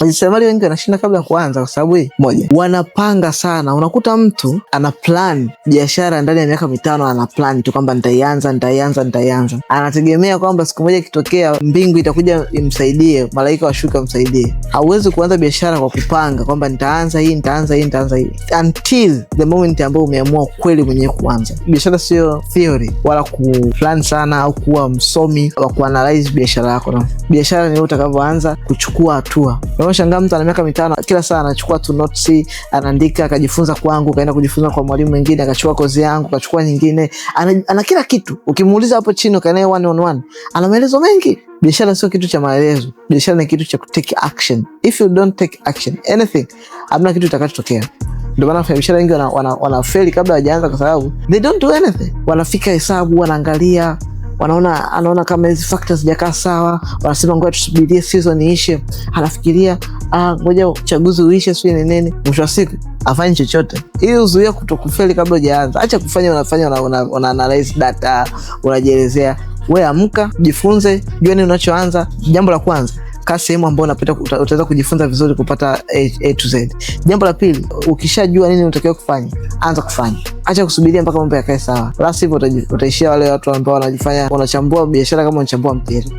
Wajasiriamali wengi wanashinda kabla ya kuanza, kwa sababu hii eh, moja, wanapanga sana. Unakuta mtu ana plan biashara ndani ya miaka mitano, ana plan tu kwamba nitaianza, nitaianza, nitaianza. Anategemea kwamba siku moja ikitokea mbingu itakuja imsaidie, malaika washuke wamsaidie. Hauwezi kuanza biashara kwa kupanga kwamba nitaanza hii, ntaanza hii, ntaanza hii, until the moment ambayo umeamua kweli mwenyewe kuanza biashara. Sio theory wala kuplan sana au kuwa msomi wa kuanalyze biashara yako, na biashara ni utakavyoanza kuchukua hatua. Unaoshangaa mtu ana miaka mitano kila saa anachukua tu notes, anaandika, akajifunza kwangu, kaenda kujifunza kwa mwalimu mwingine, akachukua kozi yangu, akachukua nyingine. Ana, ana kila kitu. Ukimuuliza hapo chini ukae one on one, ana maelezo mengi. Biashara sio kitu cha maelezo. Biashara ni kitu cha take action. If you don't take action anything, hamna kitu kitakachotokea. Ndio maana wafanyabiashara wengi wanafeli wana, wana kabla hawajaanza, kwa sababu they don't do anything. Wanafika hesabu, wanaangalia wanaona anaona kama hizi fakta zijakaa sawa, wanasema ngoja tusubirie season iishe, anafikiria ah, ngoja uchaguzi uishe, sio ni nini. Mwisho wa siku afanye chochote. Ili uzuia kutokufeli kabla ujaanza acha kufanya unafanya una, una analyze data, unajielezea. We amka, jifunze, jua nini unachoanza. Jambo la kwanza kaa sehemu ambayo unapenda, utaweza kujifunza vizuri kupata A, to Z. Jambo la pili, ukishajua nini unatakiwa kufanya, anza kufanya, acha kusubiria mpaka mambo yakae sawa, la sivyo utaishia wale watu ambao wanajifanya wanachambua biashara kama wanachambua mpira.